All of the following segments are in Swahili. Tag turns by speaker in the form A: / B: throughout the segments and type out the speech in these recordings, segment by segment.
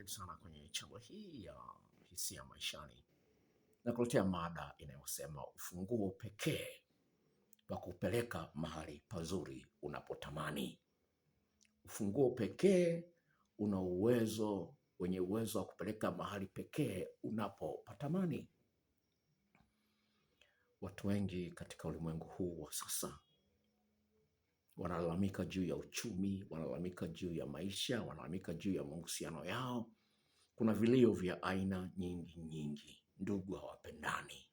A: karibu sana kwenye chango hii ya hisia maishani, na kuletea mada inayosema ufunguo pekee wa kupeleka mahali pazuri unapotamani. Ufunguo pekee una uwezo wenye uwezo wa kupeleka mahali pekee unapopatamani. Watu wengi katika ulimwengu huu wa sasa wanalalamika juu ya uchumi, wanalalamika juu ya maisha, wanalalamika juu ya mahusiano yao. Kuna vilio vya aina nyingi nyingi. Ndugu hawapendani,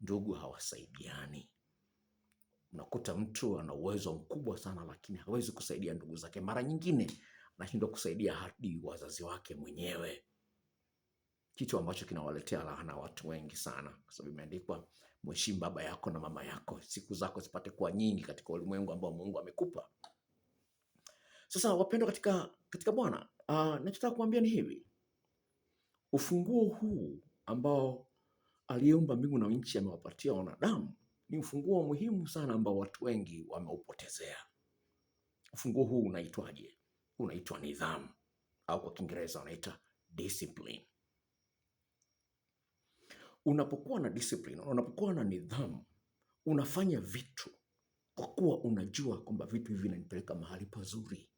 A: ndugu hawasaidiani. Unakuta mtu ana uwezo mkubwa sana, lakini hawezi kusaidia ndugu zake. Mara nyingine anashindwa kusaidia hadi wazazi wake mwenyewe, kitu ambacho kinawaletea laana watu wengi sana, kwa sababu imeandikwa Mheshimu baba yako na mama yako, siku zako zipate kuwa nyingi katika ulimwengu ambao Mungu amekupa. Sasa wapendwa katika, katika Bwana, uh, nachotaka kuambia ni hivi, ufunguo huu ambao aliyeumba mbingu na nchi amewapatia wanadamu ni ufunguo muhimu sana ambao watu wengi wameupotezea. Ufunguo huu unaitwaje? Unaitwa nidhamu au kwa Kiingereza wanaita discipline. Unapokuwa na discipline, unapokuwa na nidhamu, unafanya vitu kwa kuwa unajua kwamba vitu hivi vinanipeleka mahali pazuri,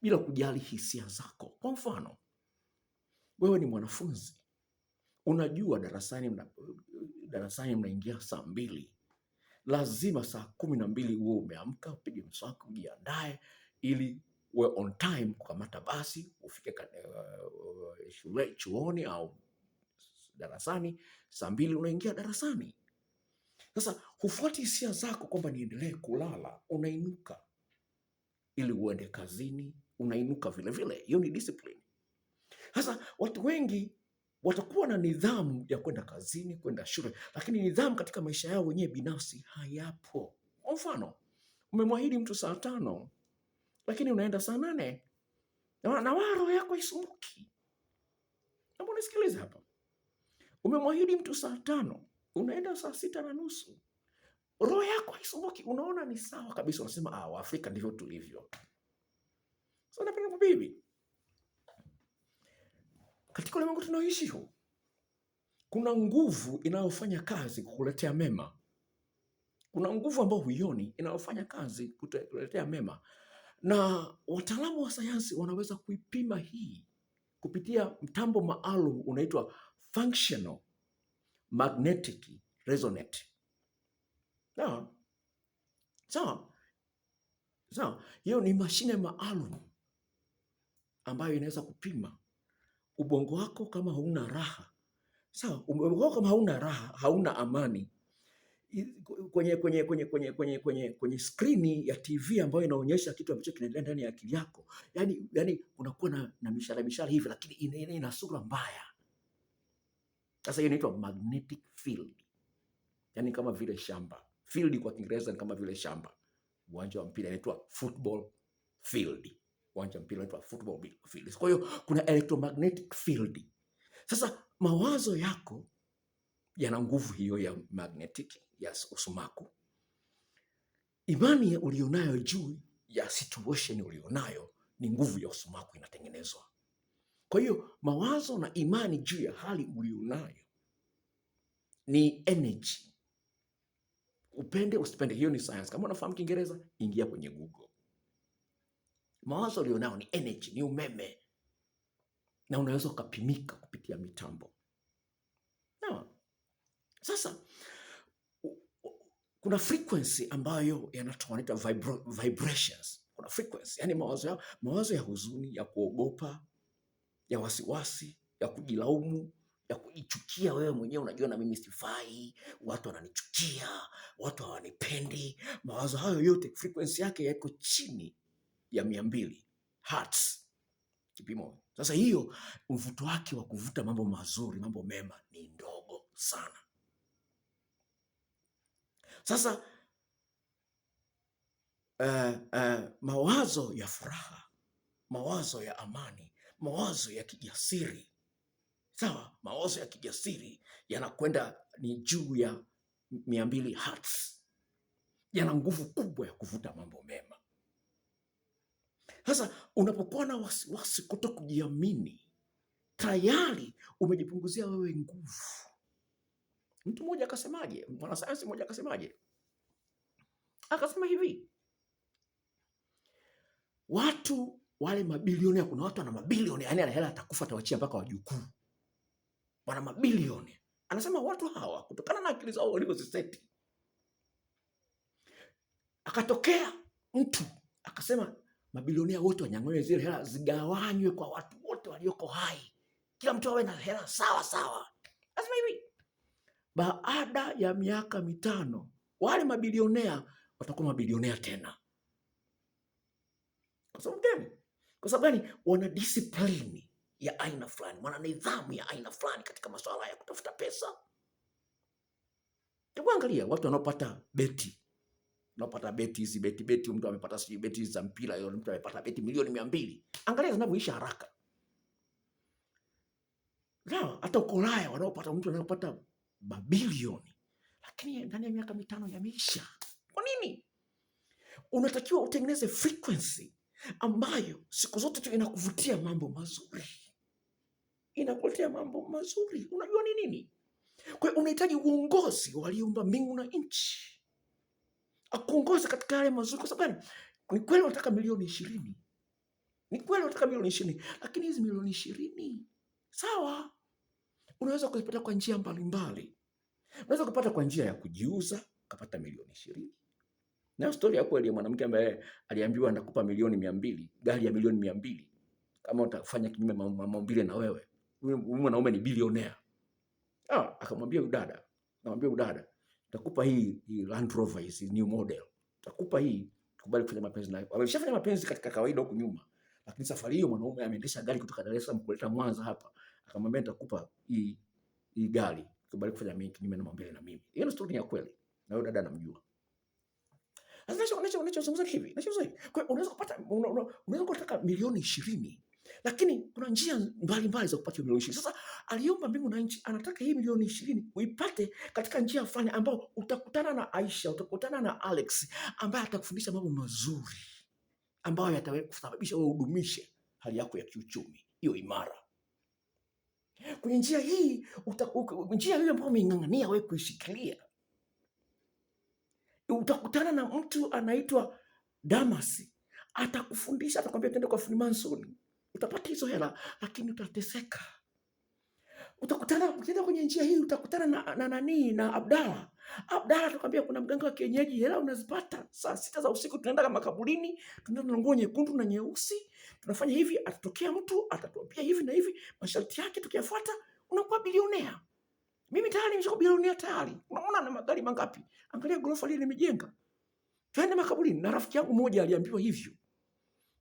A: bila kujali hisia zako. Kwa mfano, wewe ni mwanafunzi, unajua darasani mna, darasani mnaingia saa mbili, lazima saa kumi na mbili uwe umeamka, upige mswaki, ujiandae ili uwe on time kukamata basi ufike uh, shule chuoni au darasani, saa mbili unaingia darasani. Sasa hufuati hisia zako kwamba niendelee kulala, unainuka ili uende kazini, unainuka vilevile. Hiyo ni discipline. Sasa watu wengi watakuwa na nidhamu ya kwenda kazini, kwenda shule, lakini nidhamu katika maisha yao wenyewe binafsi hayapo. Kwa mfano, umemwahidi mtu saa tano lakini unaenda saa nane na waro yako isumbuki. Naomba hapa. Umemwahidi mtu saa tano, unaenda saa sita na nusu, roho yako haisumbuki. Unaona ni sawa kabisa, unasema ah, Waafrika ndivyo tulivyo. Sasa napenda kubibi, katika ulimwengu tunaoishi huu kuna nguvu inayofanya kazi kukuletea mema. Kuna nguvu ambayo huioni inayofanya kazi kukuletea mema, na wataalamu wa sayansi wanaweza kuipima hii kupitia mtambo maalum unaitwa functional magnetic resonate. Sawa so, so hiyo ni mashine maalum ambayo inaweza kupima ubongo wako kama hauna raha sawa, ubongo wako kama hauna raha, hauna amani kwenye, kwenye, kwenye, kwenye, kwenye, kwenye, kwenye skrini ya TV ambayo inaonyesha kitu ambacho kinaendelea ndani ya akili yako, yani yani unakuwa na, na mishale mishale hivi, lakini ina, ina, ina sura mbaya sasa hiyo inaitwa magnetic field, yaani kama vile shamba. Field kwa Kiingereza ni kama vile shamba. Uwanja wa mpira inaitwa football field, uwanja wa mpira inaitwa football field. Kwa hiyo kuna electromagnetic field. Sasa mawazo yako yana nguvu hiyo ya magnetic ya usumaku. Imani ulionayo juu ya situation ulionayo ni nguvu ya usumaku inatengenezwa kwa hiyo mawazo na imani juu ya hali ulionayo ni energy. Upende usipende, hiyo ni science. Kama unafahamu Kiingereza, ingia kwenye Google. Mawazo ulionayo ni energy, ni umeme na unaweza ukapimika kupitia mitambo na, sasa kuna frequency ambayo yanatoa inaitwa vibrations. Kuna frequency, yani mawazo ya, mawazo ya huzuni ya kuogopa ya wasiwasi, ya kujilaumu, ya kujichukia wewe mwenyewe. Unajua na mimi sifai, watu wananichukia, watu hawanipendi. Mawazo hayo yote frequency yake yako chini ya mia mbili hertz kipimo. Sasa hiyo mvuto wake wa kuvuta mambo mazuri, mambo mema ni ndogo sana. Sasa uh, uh, mawazo ya furaha, mawazo ya amani mawazo ya kijasiri sawa. Mawazo ya kijasiri yanakwenda ni juu ya mia mbili hertz, yana nguvu kubwa ya kuvuta mambo mema. Sasa unapokuwa na wasiwasi, kuto kujiamini, tayari umejipunguzia wewe nguvu. Mtu mmoja akasemaje, mwanasayansi mmoja akasemaje, akasema hivi watu wale mabilionea, kuna watu ana mabilioni, yani ana hela atakufa atawachia mpaka wajukuu, wana mabilioni. Anasema watu hawa kutokana na akili zao walivyoziseti, akatokea mtu akasema mabilionea wote wanyang'anywe zile hela, zigawanywe kwa watu wote walioko hai, kila mtu awe na hela sawa sawa. Lazima hivi, baada ya miaka mitano wale mabilionea watakuwa mabilionea tena, kwa sababu gani? Kwa sababu gani? Wana disiplini ya aina fulani, wana nidhamu ya aina fulani katika masuala ya kutafuta pesa. Hebu angalia watu wanaopata beti napata beti hizi beti beti, mtu amepata sijui beti za mpira, yule mtu amepata beti milioni mia mbili. Angalia zinavyoisha haraka. Sawa, hata uko Ulaya wanaopata mtu anapata mabilioni, lakini ndani ya miaka mitano yameisha. Kwa nini? Unatakiwa utengeneze frequency ambayo siku zote tu inakuvutia mambo mazuri, inakuletea mambo mazuri. Unajua ni nini? Kwa hiyo unahitaji uongozi waliumba mbingu na nchi, akuongoze katika yale mazuri. Kwa sababu Ni kweli unataka milioni ishirini, ni kweli unataka milioni ishirini, lakini hizi milioni ishirini sawa, unaweza kuzipata kwa njia mbalimbali. Unaweza kupata kwa njia ya kujiuza, ukapata milioni ishirini na story ya kweli ya mwanamke ambaye aliambiwa anakupa milioni mia mbili, gari ya milioni mia mbili kama utafanya kinyume na maumbile na wewe. Huyu mwanaume ni bilionea. Ah, akamwambia udada, namwambia udada, takupa hii, hii Land Rover hii new model. Takupa hii, kubali kufanya mapenzi naye Ameshafanya mapenzi katika kawaida huko nyuma. Lakini safari hiyo mwanaume ameendesha gari kutoka Dar es Salaam kuleta Mwanza hapa. Akamwambia nitakupa hii hii gari. Kubali kufanya mimi kinyume na maumbile na mimi. Hiyo ni story ya kweli. Na yule dada anamjua nachozungumza hivi, nachozungumza hivi. Kwa hiyo unaweza kupata, unaweza kutaka milioni ishirini lakini kuna njia mbalimbali za kupata milioni ishirini. Sasa aliomba mbingu na nchi, anataka hii milioni ishirini uipate katika njia fulani ambayo utakutana na Aisha, utakutana na Alex ambaye atakufundisha mambo mazuri ambayo yatakusababisha wewe udumishe hali yako ya kiuchumi hiyo imara. Kwenye njia hii, njia hiyo ambayo umeing'ang'ania wewe kuishikilia utakutana na mtu anaitwa damas atakufundisha, atakwambia tende kwa Freemason utapata hizo hela, lakini utateseka. Utakutana ukienda kwenye njia hii utakutana na, na nani na Abdala. Abdala atakwambia kuna mganga wa kienyeji, hela unazipata saa sita za usiku, tunaenda kama kaburini, tunaenda na nguo nyekundu na nyeusi, tunafanya hivi, atatokea mtu atatuambia hivi na hivi, masharti yake tukiyafuata unakuwa bilionea. Mimi tayari nimeshika bilionia tayari. Unaona na magari mangapi? Angalia ghorofa lile nimejenga. Twende makaburini na rafiki yangu mmoja aliambiwa hivyo.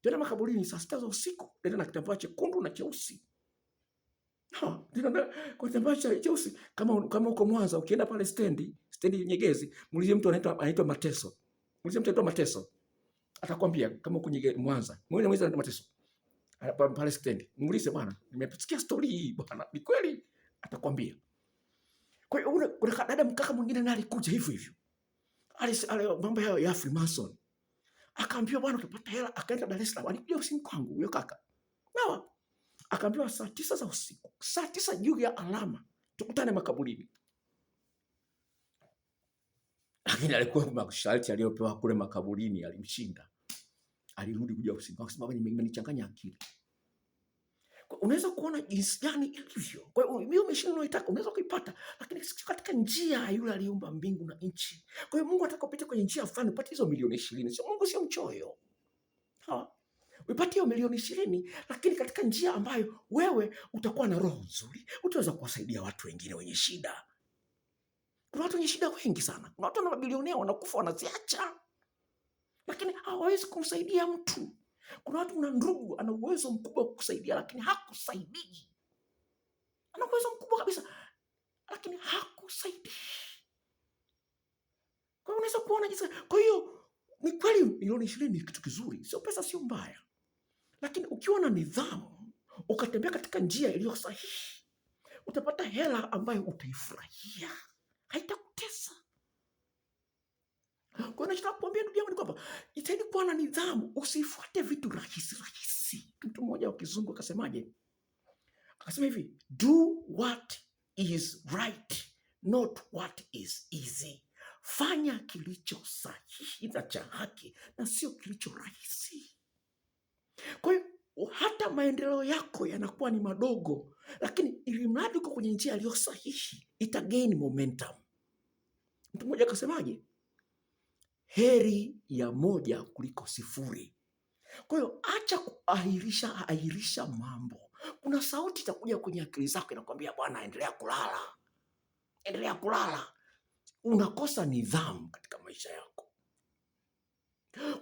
A: Twende makaburini saa sita za usiku, nenda na kitambaa chekundu na cheusi. No, nenda kwa kitambaa cha cheusi kama kama uko Mwanza ukienda pale stendi, stendi Nyegezi, muulize mtu anaitwa anaitwa Mateso. Muulize mtu anaitwa Mateso. Atakwambia kama uko Nyegezi Mwanza. Mwenye mwenza anaitwa Mateso. Pale stendi. Muulize bwana, nimesikia story hii bwana. Ni kweli? Atakwambia. Kwa hiyo ule kuna mkaka mwingine naye alikuja hivyo hivyo. mambo yao ya Freemason. Akaambiwa bwana, hela akaenda Dar es Salaam. Alikuja usiku kwangu huyo kaka. Akaambiwa saa tisa za usiku. Saa tisa juu ya alama. Tukutane makaburini. Lakini alikuwa masharti aliyopewa kule makaburini alimshinda. Alirudi kuja usiku. Akasema nimechanganya akili unaweza kuona jinsi gani ilivyo. Kwa hiyo hiyo mashine unayoitaka unaweza kuipata, lakini sio katika njia ya yule aliyeumba mbingu na nchi. Kwa hiyo Mungu anataka upite kwenye njia fulani upate hizo milioni ishirini. Sio Mungu sio mchoyo, sawa? Uipate hiyo milioni ishirini, lakini katika njia ambayo wewe utakuwa na roho nzuri, utaweza kuwasaidia watu wengine wenye shida. Kuna watu wenye shida wengi sana, kuna watu na mabilionea wanakufa wanaziacha, lakini hawawezi kumsaidia mtu kuna watu, una ndugu ana uwezo mkubwa kukusaidia, kusaidia, lakini hakusaidii. Ana uwezo mkubwa kabisa, lakini hakusaidii. Kwa hiyo unaweza kuona jinsi. Kwa hiyo ni kweli, milioni ishirini ni kitu kizuri, sio pesa, sio mbaya, lakini ukiwa na nidhamu, ukatembea katika njia iliyo sahihi, utapata hela ambayo utaifurahia haitaku kwa nachotaka kuambia ndugu yangu ni kwamba jitahidi kuwa na nidhamu, usifuate vitu rahisi rahisi. Mtu mmoja wa kizungu akasemaje? Akasema hivi, do what is right not what is easy. Fanya kilicho sahihi na cha haki na sio kilicho rahisi. Kwa hiyo hata maendeleo yako yanakuwa ni madogo, lakini ili mradi uko kwenye njia iliyo sahihi ita gain momentum. Mtu mmoja akasemaje? heri ya moja kuliko sifuri. Kwa hiyo acha kuahirisha ahirisha mambo. Kuna sauti itakuja kwenye akili zako inakwambia, bwana, endelea kulala, endelea kulala. Unakosa nidhamu katika maisha yako.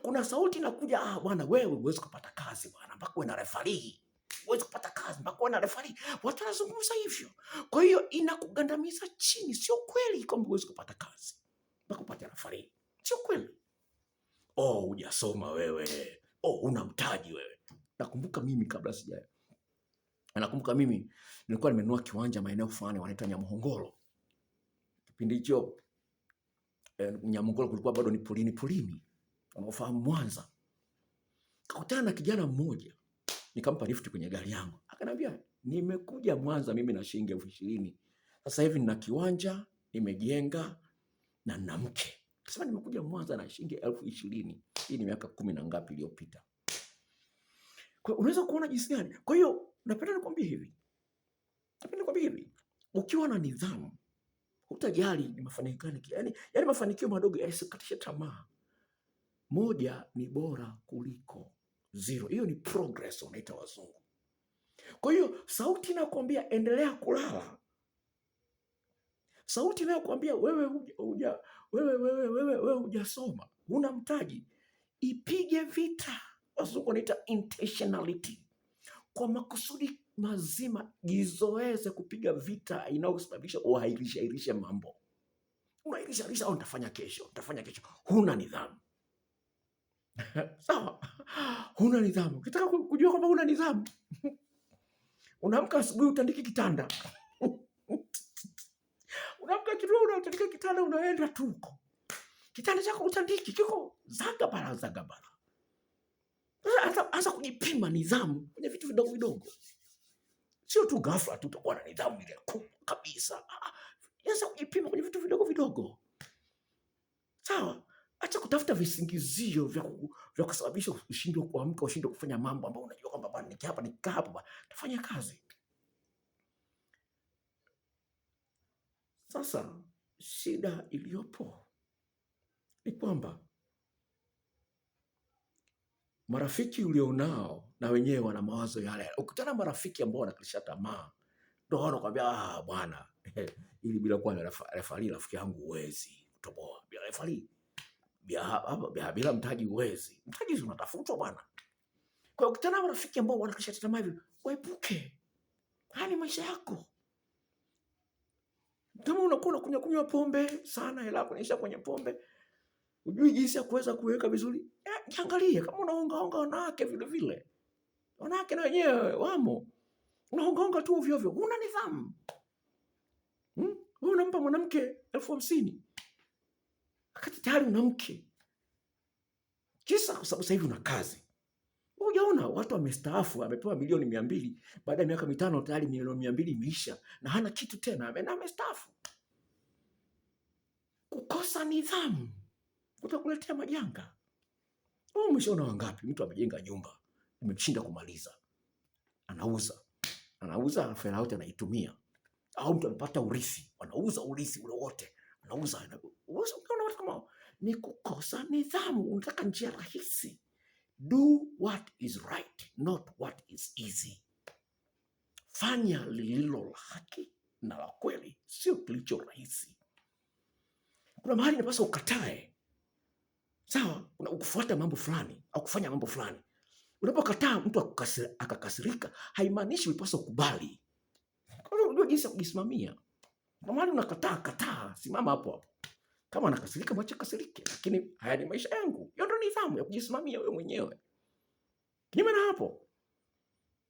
A: Kuna sauti inakuja, ah, bwana, wewe huwezi kupata kazi bwana, mpaka uwe na refarii, huwezi kupata kazi mpaka uwe na refarii. Watu wanazungumza hivyo, kwa hiyo inakugandamiza chini. Sio kweli kwamba huwezi kupata kazi mpaka upate refarii. Sio kweli? Oh, hujasoma wewe. Oh, una mtaji wewe. Nakumbuka mimi kabla sija. Nakumbuka mimi nilikuwa nimenunua kiwanja maeneo fulani wanaitwa Nyamhongolo. Kipindi hicho eh, Nyamhongolo kulikuwa bado ni polini polini. Unaofahamu Mwanza. Kakutana na kijana mmoja. Nikampa lift kwenye gari yangu. akanambia "Nimekuja Mwanza mimi na shilingi elfu ishirini. Sasa hivi nina kiwanja, nimejenga na nina mke." Kasema nimekuja Mwanza na shilingi elfu ishirini. Hii ni miaka kumi na ngapi iliyopita. Kwa unaweza kuona jinsi gani. Kwa hiyo napenda nikwambie hivi. Napenda nikwambie hivi. Ukiwa na nidhamu utajali ni mafanikio gani, yani, yani mafanikio madogo yasikatishe tamaa. Moja ni bora kuliko zero. Hiyo ni progress unaita wazungu. Kwa hiyo sauti inakwambia endelea kulala sauti inayokuambia wewe huja wewe, wewe, wewe, wewe, hujasoma, huna mtaji, ipige vita. Wazungu wanaita intentionality. Kwa makusudi mazima, jizoeze kupiga vita inayosababisha uhairishairishe mambo. unahairishairisha au nitafanya kesho, nitafanya kesho. Huna nidhamu sawa. Huna nidhamu. Ukitaka kujua kwamba huna nidhamu, unaamka asubuhi, utandike kitanda unaamka kidogo, unatandika kitanda, unaenda tuko kitanda chako utandiki kiko zagabara zagabara. Anza kujipima nidhamu kwenye vitu vidogo vidogo, sio tu ghafla tu utakuwa na nidhamu ile kubwa kabisa. Ah, anza kujipima kwenye vitu vidogo vidogo, sawa? Acha kutafuta visingizio vya kusababisha ushindwe kuamka, ushindwe kufanya mambo ambayo unajua kwamba nikikaa hapa tafanya kazi. Sasa shida iliyopo ni kwamba marafiki ulionao na wenyewe wana mawazo yale. Ukutana marafiki ambao wanakilisha tamaa, ndio wanakuambia ah, bwana ili bila kuwa na rafiki yangu huwezi kutoboa. Bila refali, bila mtaji huwezi. Mtaji unatafutwa bwana. Kwa hiyo ukutana marafiki ambao wanakalisha tamaa hivyo, waepuke. Hani maisha yako kama unakuwa unakunywa kunywa pombe sana, hela yako inaisha kwenye pombe, hujui jinsi ya kuweza kuweka vizuri, jiangalie. Kama unaongaonga wanawake vile vile, wanawake na wenyewe wamo, unaongaonga tu ovyo ovyo, una nidhamu hmm? Wewe unampa mwanamke elfu hamsini wakati tayari una mke, kisa kwa sababu sasa hivi una kazi Ujaona watu wamestaafu, amepewa milioni mia mbili, baada ya miaka mitano tayari milioni mia mbili imeisha na hana kitu tena, amestaafu. Kukosa nidhamu utakuletea majanga. Umeshaona wangapi? Mtu amejenga nyumba imemshinda kumaliza, anauza anauza, fedha yote anaitumia. Au mtu amepata urithi, anauza urithi ule wote, anauza. Ni kukosa nidhamu, unataka njia rahisi Do what is right, not what is easy. Fanya lililo la haki na la kweli, sio kilicho rahisi. Kuna mahali inapaswa ukatae, sawa, ukufuata mambo fulani au kufanya mambo fulani. Unapokataa mtu akakasirika, haimaanishi ulipaswa ukubali. Unajua jinsi ya kujisimamia. Kuna mahali unakataa, kataa, simama hapo hapo. Kama anakasirika, mwache kasirike, lakini haya ni maisha yangu nidhamu ya kujisimamia wewe mwenyewe. Kinyume na hapo,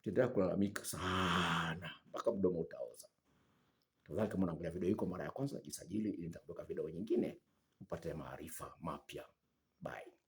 A: utaendelea kulalamika sana mpaka mdomo utaoza. Tafadhali, kama unaangalia video hiko mara ya kwanza, jisajili ili nitakuweka video nyingine upate maarifa mapya. Bye.